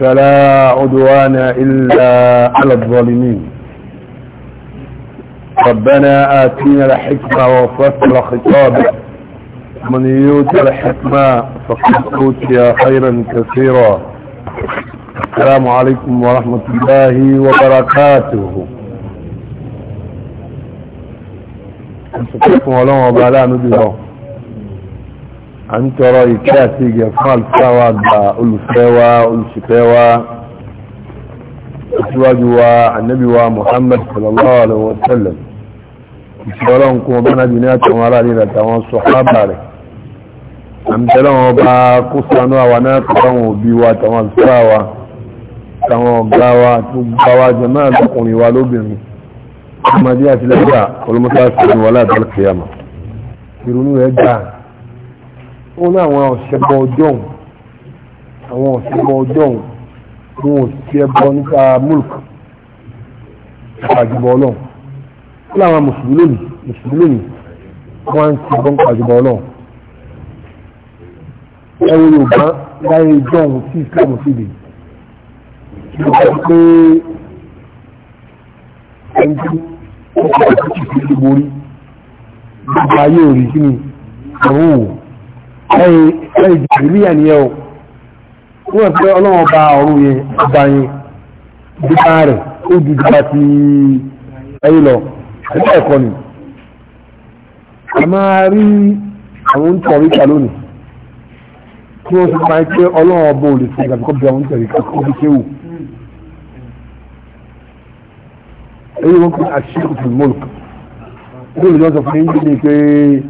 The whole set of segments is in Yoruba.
فلا عدوان إلا على الظالمين ربنا آتينا الحكمة وفصل خطابه من يوت الحكمة فقد أوتي خيرا كثيرا السلام عليكم ورحمة الله وبركاته السلام عليكم ورحمة الله وبركاته à ń tọrọ ìkẹ́ àti ìgẹ̀ fún àlùfáà wa gba olùfẹ́ wa olùṣìpẹ̀ wa aṣíwájú wa ànábì wa Muhammad sallallahu alaihi wa sallam ìṣọ́lọ́ nǹkan ọba náà bí ní àtàwọn ará rí àtàwọn sọ̀hábà rẹ̀ àmìtẹ́lẹ̀ wọn bá kó sanú àwa náà kàtàwọn òbí wa àtàwọn àlùfáà wa àtàwọn ọ̀gá wa tó gbá wa jẹ àti lẹ́gbà olùmọ́sáàsì ni wọlé àtàlùkìyàmà ìrònú wọ́n ní àwọn ọ̀ṣẹ̀bọ ọjọ́un àwọn ọ̀ṣẹ̀bọ ọjọ́un wọn ò sí ẹbọ nípa múlùk pàjùbọ ọlọ́run wọ́n láwọn mùsùlùmí lónìí mùsùlùmí lónìí wọ́n á ń ti bọ́n pàjùbọ ọlọ́run ẹ̀rọ yorùbá láyé ìjọ́un sí islam síbi kí ló sọ pé ẹni tí wọ́n kọ́ ọ̀ṣẹ̀ kìí fi borí gbogbo ayé òrìjìnì àwọn òwò ẹ̀yìn jìbìlíyà ni ẹ o wọ́n fẹ́ ọlọ́wọ́ bá ọ̀run yẹn ọba yẹn dípa rẹ̀ ó ju dípa ti ẹ̀yìn lọ ẹ̀dá ẹ̀kọ́ ni a máa rí àwọn tọ̀ríkà lónìí tí wọ́n sọ máa pé ọlọ́wọ́ bó lè fún ìgbàgbọ́ bí àwọn tọ̀ríkà kó fi kéwù èyí wọ́n pè àṣírí kùtù mọ́lùkù lónìí lọ́sọ̀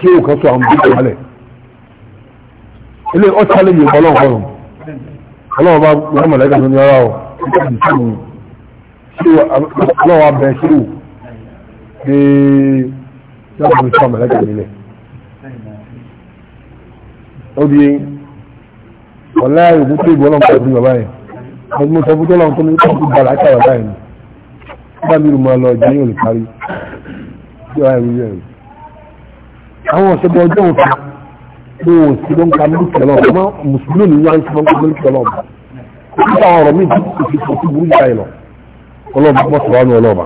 ṣé òkan sọ àwọn bíbélì wálẹ̀ ilé ọ̀tá lè yìnbọn ọlọ́run ọ̀run ọlọ́run bá gbọ́n mọ̀lẹ́gà ló ní ọ̀rá o ṣé ọlọ́run abẹ ṣé o ṣé yàtọ̀ ní sọ mọ̀lẹ́gà nílẹ̀ ó di ọ̀lá ìwúkú ìbọn ọlọ́run pẹ̀lú bàbá yẹn ọdún mọ́tò ọdún tọ́lọ́run tó ní kọ́kú gbàrà àkàrà báyìí nígbà mírùmọ́ lọ jẹ́ yóò lè parí ṣé wàá ìwúyẹ̀ rẹ̀ àwọn ọ̀sẹ̀bọ̀ ọjọ́ òfin mo ò sí ló ń ka mílíkì ọlọ́ọ̀bà ọmọ mùsùlùmí ni wọ́n ń sọ ń ka mílíkì ọlọ́ọ̀bà nípa ọ̀rọ̀ mi ti kò sí kò sí burú yára lọ ọlọ́ọ̀bà mọ̀ sọ̀rọ̀ ní ọlọ́ọ̀bà.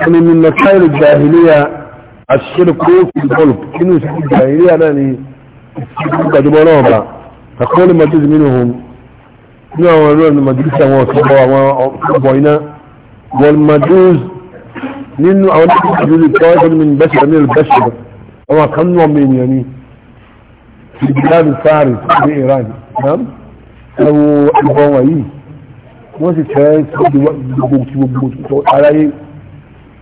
wọ́n ní nínú káyọ̀lù jàhìlíyà àṣìṣe kó fi bọ́ọ̀lù nínú ìṣẹ́jú jàhìlíyà náà ni ìṣẹ́jú gbajúmọ̀ ọlọ́ọ̀bà àkọọ́lẹ̀ mọ́tòsí nínú àwọn kan nù ọmọ ènìyàn ni ìgbìyànjú fáàrí ní Iran nam ẹwọ ìbọn wọ̀nyí wọ́n sì tẹ́ gbogbo tí gbogbo tó aráyé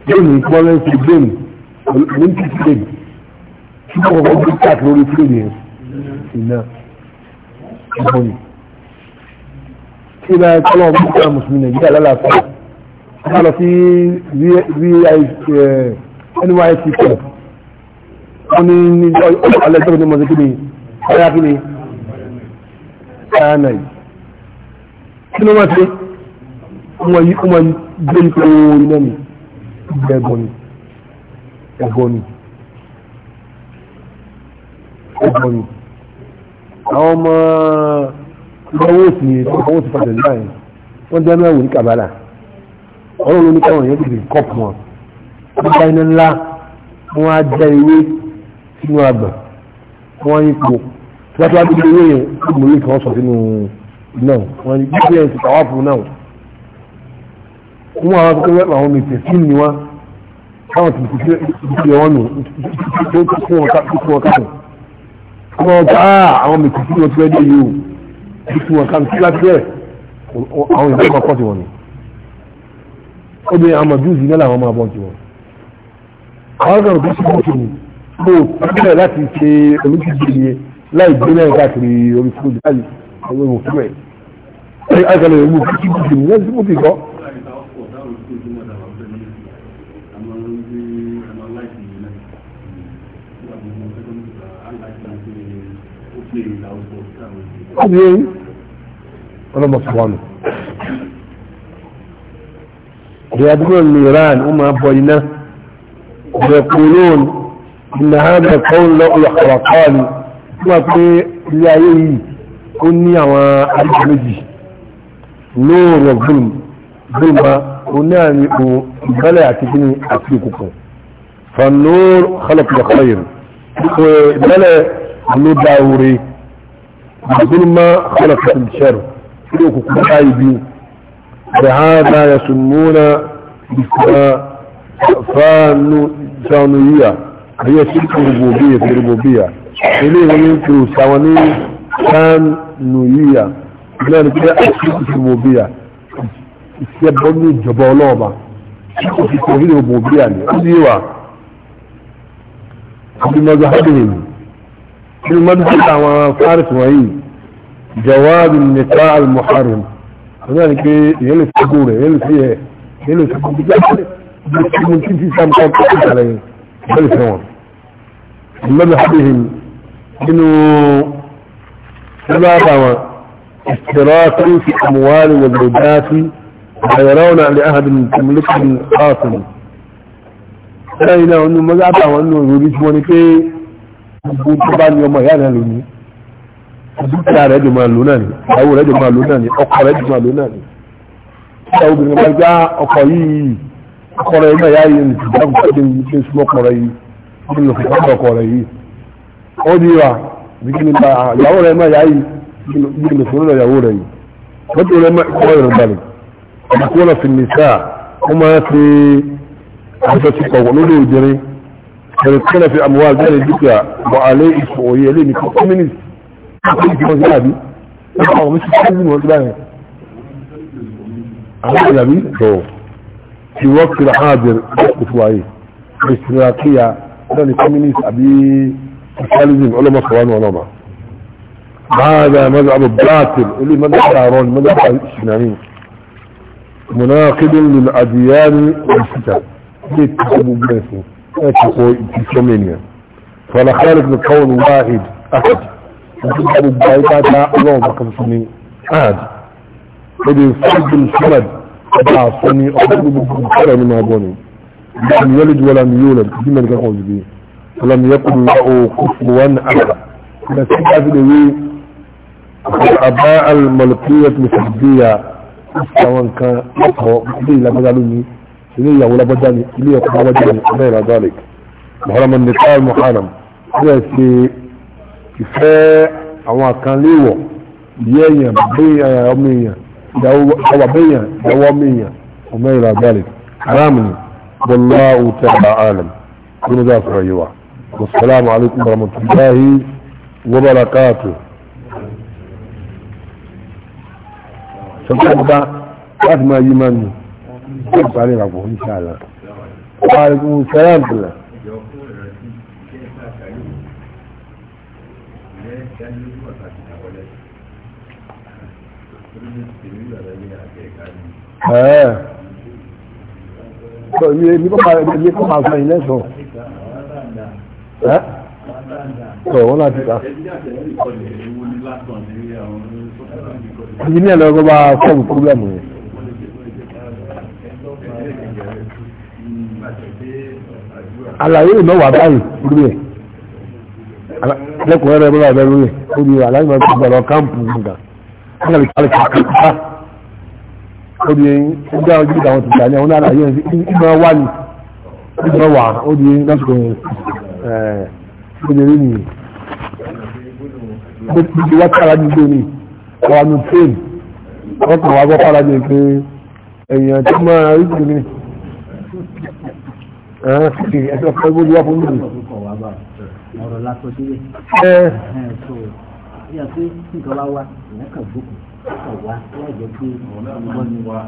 bẹ́ẹ̀ni kí wọ́n lẹ́ sí bẹ́ẹ̀ni olympic bẹ́ẹ̀ni tí wọ́n kọ́kọ́ gbé káàkiri lórí fúlẹ̀dì yẹn iná ìbọn ni kí ni kọ́lọ́ ọ̀gbìn kí wọ́n mùsùlùmí Nàìjíríà lálàáfíà wọ́n lọ sí eh, nyc club wọ́n ní ní alẹ́ tó ní mọ̀sí kíni ọ̀yá kíni ṣáànà yìí kí ló wọ́n ti ọmọ yìí ọmọ gbé ní pé orí náà ni ẹ̀gbọ́n ni ẹ̀gbọ́n ni ẹ̀gbọ́n ni àwọn ọmọ ìgbàwó òsì ìgbàwó òsì fàtẹ̀ nígbà yẹn wọ́n jẹ́ mẹ́wò ní kàbálà ọlọ́run ti di kọ́pù wọn wọ́n bá iná ńlá wọ́n á jẹ́ ewé sínú àgbà wọ́n yípo tí wọ́n tó wá dúró ewé yẹn ọmọ yìí kan sọ sínú náà wọ́n yí gbígbé ẹ̀ ti tàwa fún náà wọ́n àwọn akẹ́kọ̀ọ́ àwọn ọmọ ìtẹ̀ sí ni wá káwọn ti fi ìdílé wọn nù tó kún wọn káàkiri wọ́n ah, wọ́n ká àwọn ọmọ ìtẹ̀ sí wọn ti rẹ́ dé yìí o tó kún wọn káàkiri láti bẹ́ẹ̀ àwọn ìjọba kọ́ sí wọn nù obìnrin àwọn ọmọ náà làwọn máa bọ́ sí wọn àwọn kan kò sí mo fẹ́ láti ṣe olùdíje yẹn láì gbé náà káàkiri orí fúdù láì ọwọ́ ìwò fún ẹ̀. àgbàlẹ̀ ìwò fún kí bùkún ní ẹ̀sìn mọ́tì kọ́. Ọ̀dọ̀ yẹn ọlọ́mọ fún wa nù. Ìyá àdúgbò ní Iran, ó máa bọ iná. Ọ̀dọ̀ ẹ̀kọ́ olóòrùn. ان هذا القول لو يخرقان في يعني كني يا مجي نور وظلم ظلمة وناني وبلا اعتقني أفريقكم فالنور خلق الخير بلا نور داوري الظلمة خلق الشر فلوككم عايبين فهذا يسمون بسماء فانو بفانوية هي شرك ربوبية في الربوبية إليه وينكروا سواني كان نوية ذلك هي الشرك في الربوبية يبني جبالوما شرك في التوحيد الربوبية يعني أديوا في مذهبهم في المذهب وفارس وعين جواب النكاع المحرم ذلك يلي سكورة يلي فيه يلي سكورة يلي سكورة يلي سكورة يلي سكورة يلي سكورة يلي سكورة مذهبهم انه سبب اشتراك في اموال والزوجات ويرون لاحد تملكهم خاصا lẹ́yìn náà ní mọ́sáàbà àwọn inú ìròrí tí wọ́n ní pé gbogbo tó bá ní ọmọ ìyá náà lónìí dúkìá rẹ̀ jù máa lò náà ni ìyàwó rẹ̀ jù máa lò náà ni ọkọ rẹ̀ jù ọmọ yòókù bá ọkọ rẹ yìí ó di wa bíkíni bá ìyàwó rẹ máa yáyí bíkíni fún ọ̀rọ̀ ìyàwó rẹ yìí wọ́n ti rẹ máa kọ́ ẹ̀rọ balẹ̀ ọ̀nà kí wọ́n lọ fi nìsá ó máa fi aṣọ ti pọ̀ lórí òjèrè ẹ̀rọ kí wọ́n fi àmúwá àgbẹ̀rẹ̀ dúkìá bọ̀ alẹ́ ìfọ̀ òye ẹlẹ́ni kí kọ́mínìtì kí àbí àwọn هذا الكومينيس أبي سوشياليزم علماء خوان وعلماء هذا مذعب الباطل اللي مذهب هارون مذهب الشنعين مناقض للأديان ليه يتكتبوا بنفسه يتكتبوا إيه بسومينيا فلا خالق لقول واحد أحد يتكتبوا ببايتات الله بقى بسمي أحد الذي يفرد الفرد تبع صني أحد بكم فرد من أبوني لم يلد ولم يولد دي من كان قوي بيه ولم يكن له كفوا احد بس كده أباء الملكيه المسبيه سواء كان هو دي لا بدلني دي ولا بدلني دي يا قوه بدلني غير ذلك محرم النكاح محرم في كفاء أو كان ليه يا يا يوميا دوا بيا دواميا وما الى ذلك حرام والله تعالى عالم كل ذات رأيوه والسلام عليكم ورحمة الله وبركاته سبحانه الله بعد ما يمن سبحانه عليه ربه إن شاء الله وعليكم السلام بالله ها آه. sọ yìí èmi kọ́ máa èmi kọ́ máa sọ yìí lẹ́sọ̀ ẹ́ sọ wọn láti ta. ìyìn ẹ̀lọ́ gbọ́dọ̀ sọ́ọ̀bù pọ́blẹ́mù yẹn. àlàyé ìmọ̀ wà báyìí lórí ẹ̀ lẹ́kùnrin rẹ̀ bọ́lá ọ̀bẹ lórí ẹ̀ ó ní àlàyé ìmọ̀ gbọ́dọ̀ káàmpù gbọ̀ngàn odi eyin ẹgbẹ́ ojú ìdáwọn ti gbà ní àwọn náà yẹn ìgbà wà ní ìgbà wà odi eyin láti kò ẹ̀ ẹ̀ ní gbogbo wá kára ní gbóni àwọn àmì pain wọ́n kàn wá gbọ́ kára ní pé èèyàn tó máa rí jù ní ẹ̀sẹ̀ ọ̀pọ̀ ìgbóni wá fún mi. ọ̀rọ̀ lásán sílẹ̀. ẹ̀ẹ́dẹ́gbẹ̀rún ìyàtọ̀ nǹkan wá wá ìyá kan gbókùn kọ̀ wá láì jẹ́ pé wọ́n ní wa.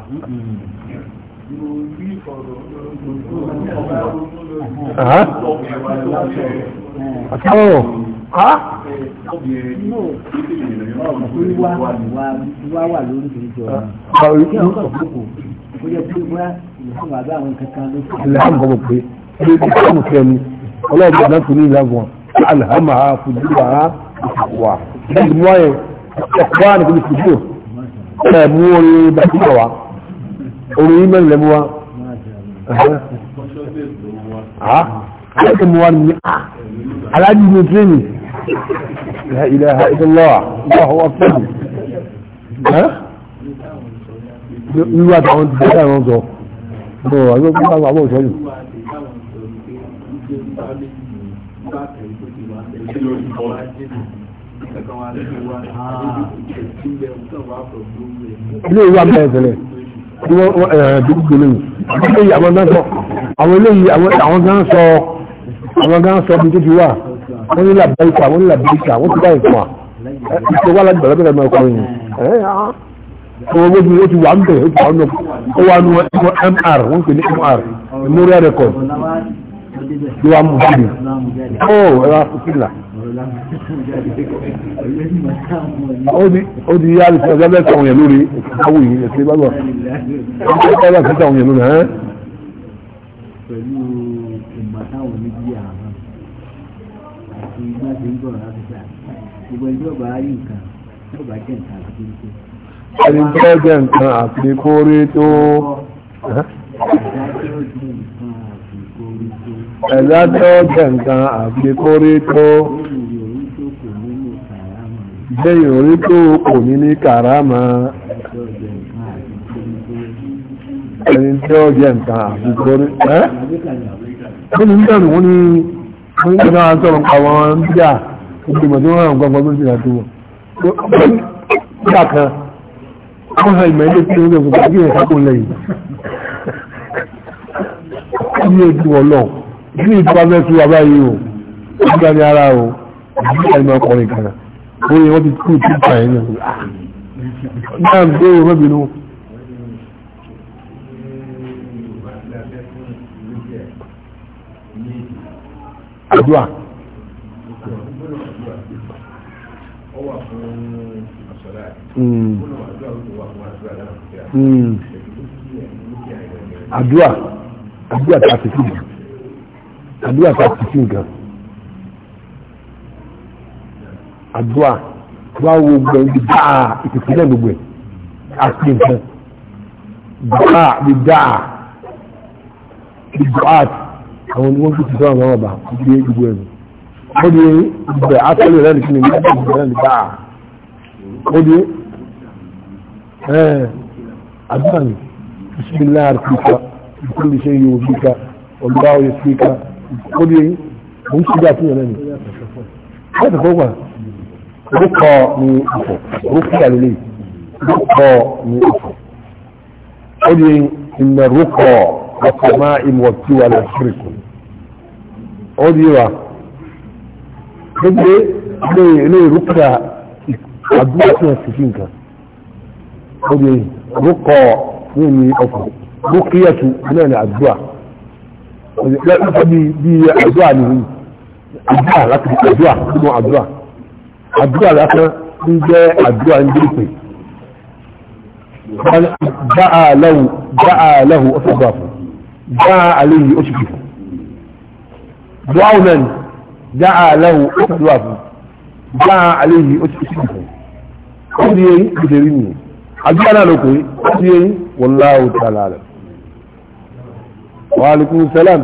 Àtàwọ̀ Wá wà lórí ìjọ. Kí ọkọ̀ gbogbo, ó yẹ pé wá ìfún àbá àwọn kankan ló kọ̀. Ìlànà pé ilé tí wọ́n mú kẹ́ni, ọlọ́ọ̀dún àdáfò ní ìlànà wọn, àlàámà á Bẹ́ẹ̀ni wọ́n ẹ̀kọ́wà ní kìí fìdíò ẹ̀mú orí bàtíkọ̀ wa orí email lẹ́mú wa ẹ̀kọ́mú ah, wa ah, ní aláàjì ní tírénì ilẹ̀ ìdánlọ́wà ìwọ̀ ọ̀pẹ́lú wíwá tàwọn ti dẹ́ta ìwọ̀n sọ ọ̀rọ̀ àwọn ọmọ àwọn òṣèlú Thank you ilé ìwé abẹ́ ìfẹ́lẹ̀ tí wọ́n dúdú lóyún àwọn eléyìí àwọn gan sọ àwọn eléyìí àwọn gan sọ àwọn gan sọ bí tó ti wà wọ́n ní làbẹ́ìkà wọ́n ní làbẹ́ìkà wọ́n ti bá ìfọ̀ ìṣe wà láti bẹ̀rẹ̀ bẹ̀rẹ̀ ọkọ̀ yìí owó gbogbo ó ti wà ń ó di yá àlùfáà ọjọ́ bẹ́ẹ̀ sàwọn yẹn lórí ìkáwó yìí ẹ̀sìn gbàgbọ́ ọjọ́ bẹ́ẹ̀ sàwọn yẹn lórí ẹ̀. pẹ̀lú ìmọ̀ táwọn oníbí àwọn àti igbá ti ń bọ̀ láti sà gbogbo ẹjọ́ bá rí nǹkan tó bá jẹ́ nǹkan àti kó. ẹni tó jẹ́ nǹkan àti kórè tó. ẹ̀dá tó jẹ́ nǹkan àti kórè tó bẹ́yìn orí tó kò ní ní kàrámà ẹni tí ó jẹ́ nǹkan àfikọ́ ní ẹ́ wọ́n ní dẹ̀rù wọ́n ní wọ́n ní ìjọba àtọ́rọ̀ àwọn ọmọdé ìgbìmọ̀ tí wọ́n rán gbọ́gbọ́ tó jìnà tó wọ́n nígbà kan wọ́n sọ ìmọ̀ ilé tí ó jẹ́ gbogbo kí ẹ̀ka kò lẹ́yìn ní ètò ọlọ́ ní ìjọba mẹ́tò abáyé o nígbà ní ara o ìgbà ìmọ̀ ọkùnrin kan náà oye wọ́n ti kú tí ó pààyàn náà náà gbé o rọ́bìnú hmm. hmm. àdúrà àdúrà àdúrà tàbí sí nǹkan àdúrà tàbí sí nǹkan Adua, wá wo gbẹ̀ǹdì dáa ìpìpìlẹ̀ gbogbo ẹ̀ àti nǹkan dáa bí dáa bí dọ́àt àwọn oníwọ́n tó ti sọ àwọn ọba ìdí gbogbo ẹ̀ ó di ìgbẹ̀ àtọ́lẹ̀ rẹ̀ nìkan ní ìgbẹ̀ rẹ̀ dáa ó di àdúrà ní bismillah rikika ìkúlù ṣe yóò fika ọlọ́wọ́ yóò fika ó di ó ń ṣe dáa fún yẹn lẹ́nu orúkọ ni ọ̀fọ̀ orúkọ àlè orúkọ ni ọ̀fọ̀ ó ní ìmọ̀ orúkọ ọ̀fọ̀ máa ìmọ̀ tí wà lọ sí ìkùn ó ní wa gbogbo ilé orúkọ àdúrà tí wọ́n sì fi nǹkan ó ní orúkọ ní ìmì ọ̀fọ̀ orúkíyàtú náà ni àdúrà ó ní àdúrà ni àdúrà láti àdúrà nínú àdúrà àdúrà lásán ń jẹ́ àdúrà ń jẹ́ ìpè dáa lẹ́hù dáa lẹ́hù ó sọ̀gbà fún dáa àléyìí ó sì fi fún dáa náà dáa lẹ́hù ó sọ̀gbà fún dáa àléyìí ó sì fún ó sì yẹ ìdèrí nìyẹn àdúrà náà lókè ó sì yẹ wọláwù tààlà rẹ̀ wàhálùkù sẹ́lá ń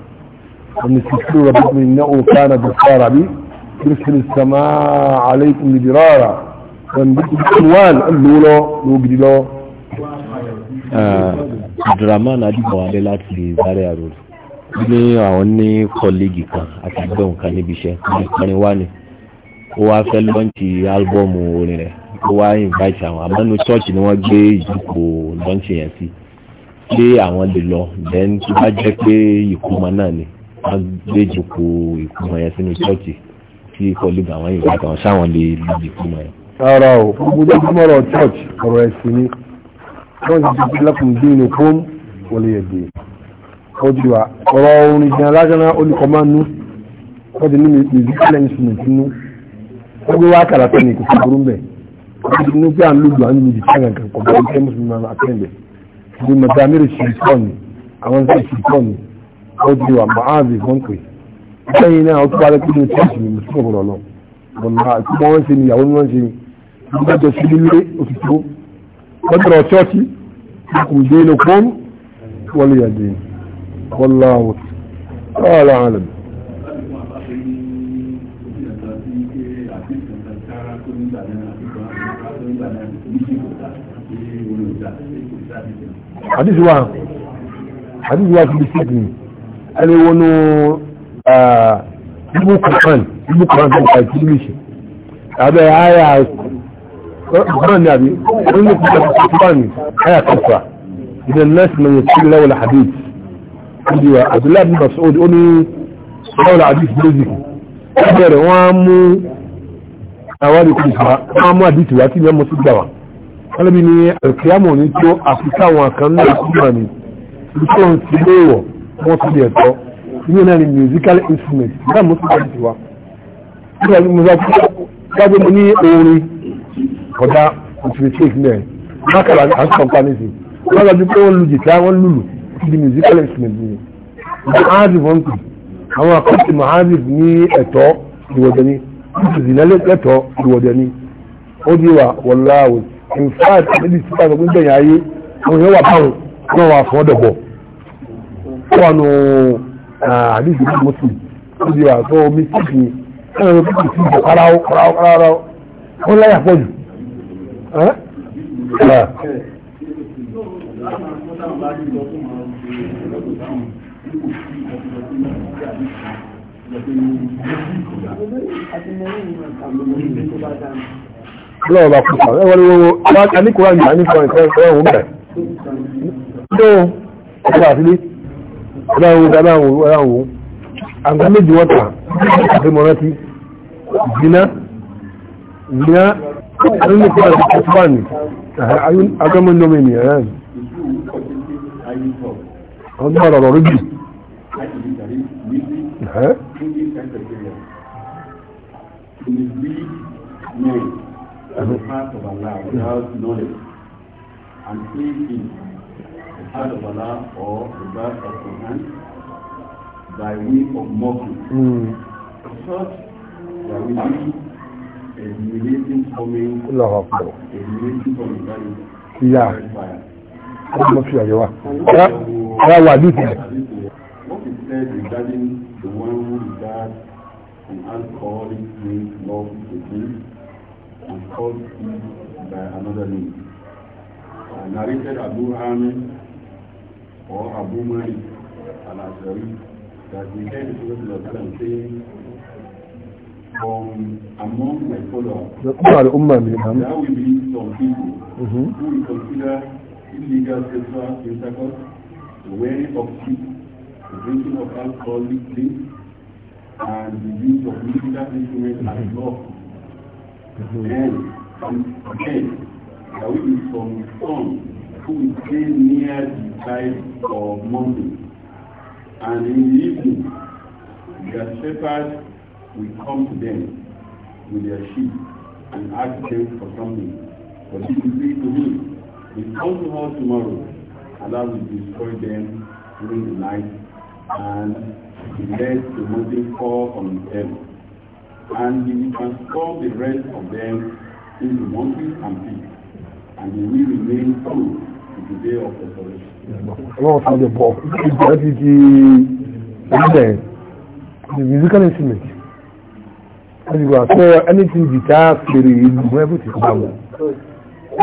ومن تسلو ربكم إنه كان بصار بي يرسل السماء عليكم لدرارا وانبتوا بالألوان قالوا له لوجد له Abdulrahman Adigunwale láti Zaria Road ní àwọn ní kọ́lígì kan àti ẹgbẹ́ òǹkan níbi iṣẹ́ kọrin wá ni ó wá fẹ́ lọ́ǹtì álbọ́ọ̀mù orin rẹ̀ ó wá invite àwọn àmọ́nu ṣọ́ọ̀ṣì ni wọ́n gbé ìjókòó lọ́ǹtì yẹn sí pé àwọn lè lọ then tó bá jẹ́ pé ìkómọ náà ni wọ́n gbé jòkó ìkómọ yẹn sínú chọ́ọ̀tì tí kọlu bá wọn ìwà kan sáwọn lè lu ìkómọ yẹn. rárá o gbogbo jẹ́ kí mọ́rọ̀ church ọ̀rọ̀ ẹ̀sìn ni wọ́n ti di lẹ́kùndé ní fún wọlé ẹ̀dẹ́ ó ti wà ọ̀rọ̀ orin ìjìnlẹ̀ lásán olùkọ́ máa nú wọ́n ti ní musical instrument nú wọ́n gbé wá kàrà tẹ́lẹ̀ kò sí burú mbẹ̀ wọ́n ní pé ọdún wa ma'áàbì fún pé lẹ́yìn náà ó tún wáyé kí ló tí ìsìn mi sún ọ̀rọ̀ lọ ọ̀nà tí wọ́n ṣe ni ìyàwó wọn ṣe ni wọ́n bá jọ sí nílé oṣù tó wọ́n tọrọ ṣọ́ọ̀ṣì kò dé inú fún wọ́n lè yàgbé wọ́n láwọ̀ ọ̀là àlẹ́ àdìsí wa àdìsí wa ti di sẹ́kìnì ẹni wọnú ibu kọ̀ọ̀kan ibu kọ̀ọ̀kan tó kàìtì ìlúṣẹ̀ abẹ́ àyà ọ̀gbọ́n ni àbí wọ́n ní kọ̀ọ̀kan tó kàn àyà kọ̀ọ̀kan ìdẹ̀ nọ́ọ̀sì mọ̀ yẹn sílẹ̀ wọlé hadith ìdí wa abdullahi bin masoud ó ní wọlé hadith lójì ó bẹ̀rẹ̀ wọ́n á mú àwọn àdìkú ìfà wọ́n á wọ́n ti di ẹ̀tọ́ ìyẹn náà ni musical instrument náà mo sọ̀rọ̀ ti wa nígbà tí mo sọ pé mo ní orin ọ̀dà òtúrẹ́tẹ́ẹ̀kì náà mákàlà àti kọ̀ǹpánì sí wọ́n lọ bí pé wọ́n lu jìtá wọ́n lùlù ti di musical instrument ni mahadi wọn kù àwọn akọ́sí mahadi ní ẹ̀tọ́ ìwọ̀dẹ̀ ni ìtùsìnà lẹ́tọ̀ ìwọ̀dẹ̀ ni ó di wa wọ́n láwọ̀ in fact níbi tí wọ́n sọ pé bẹ́ẹ̀ yà á yé àwọn èèyàn wà báwọn wọ́n wà fún ọ̀dọ̀ bọ̀ wọnú àdìsí ní mùsùlùmí ó di àtọ́ omi síkì ẹ̀rọ ló kíkì sí ìjọ káràó káràó káràó ó láyà pọ̀ jù. Lọ́wọ́ bá kú sàn, ẹ wọlé wọ́wọ́, a ní kúrò àyè àní fún ẹ̀kọ́ ẹ̀kọ́ ẹ̀hún bẹ̀. Ṣé o, ọ̀pọ̀ àti ní? aláwo aláwo aláwo àǹkà méjì wọ́n tà àti mọ̀rántí zina zina alóyún kí wọ́n ti wà ní agbẹ́mọ́ nọ́mọ ènìyàn men as a part of Allah without knowledge and faith in Al-Bala or the God of Quran by way of mocking. Mm. Such that will be a humiliating coming, a humiliating coming that is yeah. fire. What is said regarding the one who regards an alcoholic drink love to drink and calls it by another name? Uh, narrated Abu Hamid or Abu Malik al-Azhari that the Prophet Sallallahu saying from among my followers there will be some people mm -hmm. who will consider illegal sexual intercourse, the wearing of sheep, the drinking of alcoholic drinks, and the use of musical instruments as lawful. Then, and again, there will be some sons who came stay near the side of mountain. And in the evening, their shepherds will come to them with their sheep and ask them for something. But if you say to me, they come to us tomorrow, and Allah will destroy them during the night and let the mountain fall on them. And he will transform the rest of them into monkeys and pigs, and they will remain cool ọlọ́run sáré bọ̀ ìgbà ti di orílẹ̀ the musical instrument ẹni gbà sọ anything guitar fèrè ìlú mọ ẹbí ti fi bá wọn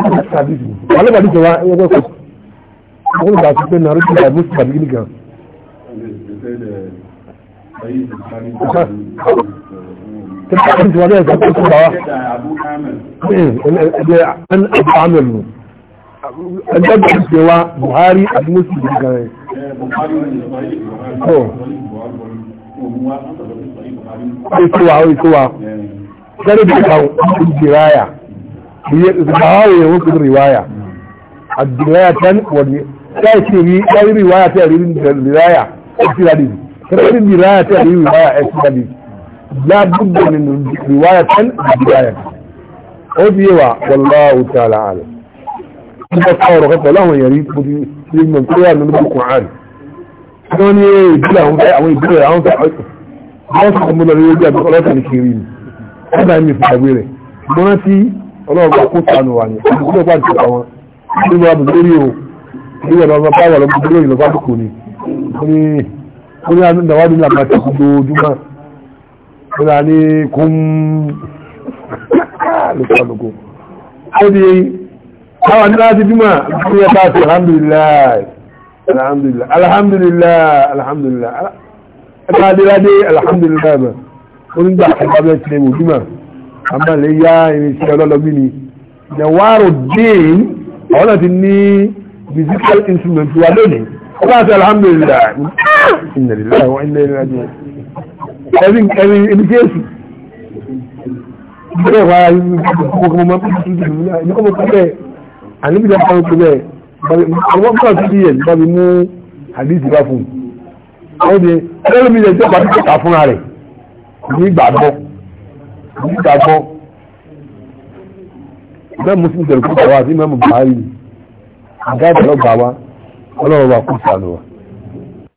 ẹni sàbíìsì wọn lọ́ba díjọ wa ẹni ọgbọ́n kò àwọn olùgbà tó pé náà ló ti gbà mú sàbí gíní gan. tẹ́lifíṣàn ti wá ní ẹ̀sán tó ti gbà wá. ẹ̀ẹ́dẹ̀ ẹ̀ẹ́dẹ̀ àmì ẹ̀lú ẹgbẹ́gbẹ́ ìṣẹ́ wa Buhari àti Muslim ti gan rẹ̀. Ètò wa ètò wa gẹ́gẹ́ bí ìka ìdìráyà ìgbàwáwò yẹn wọ́n fi rìwáyà àdìráyà tán wọ̀nyí láì sí rí láì rìwáyà tẹ̀ rí rìwáyà ẹ̀sìn rádì rí rìwáyà tẹ̀ rí rìwáyà ẹ̀sìn rádì láàbùgbọ̀n rìwáyà tán àdìráyà ó ti yé wa wallahu ta'ala alam nípa táwọ̀rọ̀ kan pẹ̀lú àwọn èèyàn rí kò sí ìmọ̀ tó wà nínú kò hàn tí wọ́n ní ìbílẹ̀ àwọn fẹ́ àwọn ìbílẹ̀ àwọn fẹ́ wọ́n sọ̀rọ̀ mọ́ lórí ojú àbíkọ́ lọ́tà ní kiri ni wọ́n dá mi fìgbàgbé rẹ̀ mo rántí ìbílẹ̀ àwọn nínú àwọn ní láti bímọ̀ ìpínlẹ̀ bá ti alhamdulillah alhamdulillah alhamdulillah alhamdulillah ẹgbẹ́ adéradé alhamdulillah bẹ̀ onígbà àgbàbẹ̀ ti lè wò bímọ̀ àmà lè yá irinṣẹ́ ọlọ́lọ́bí ni jẹ̀wárò dín àwọn náà ti ní musical instrument wa lónìí ọba àti alhamdulillah inna lillahi wa inna ilaihi raji'un ẹ̀rí ẹ̀rí ẹ̀rí kéèsì bẹ́ẹ̀ wá ẹ̀rí kọ́kọ́ mọ́ àníbi ìjọba kan tó bẹ́ẹ̀ ọgbọ́n kan tó yẹ nípa mi mú àdìsí bá fún un ó di ẹlẹ́rìí mi lè jẹ́ ìpàdé tó kà fúnra rẹ̀ ní ìgbàgbọ́ ní ìgbàgbọ́ bẹ́ẹ̀ mo sì ń tẹ̀lé kó bá wa sí mẹ́mú bàárì àgáàbọ̀ lọ́gbàá wa ọlọ́run wa kó sànù wa.